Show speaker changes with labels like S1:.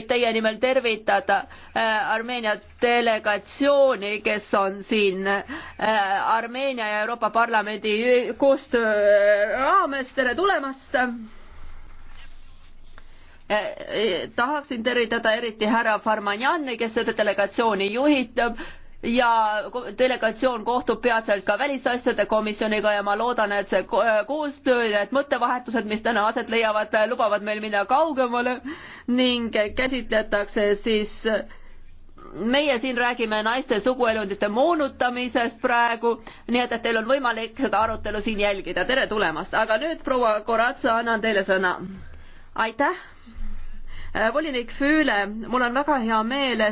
S1: teie nimel tervitada äh, Armeenia delegatsiooni, kes on siin äh, Armeenia ja Euroopa Parlamendi koostöö raames, tere tulemast! Äh, tahaksin tervitada eriti härra Farmanjani, kes seda delegatsiooni juhitab ja delegatsioon kohtub peatselt ka välisasjade komisjoniga ja ma loodan, et see koostöö ja need mõttevahetused, mis täna aset leiavad, lubavad meil minna kaugemale ning käsitletakse siis meie siin räägime naiste suguelundite moonutamisest praegu, nii et, et teil on võimalik seda arutelu siin jälgida, tere tulemast, aga nüüd proua Koratsa, annan teile sõna. aitäh. volinik
S2: Füüle, mul on väga hea meel, et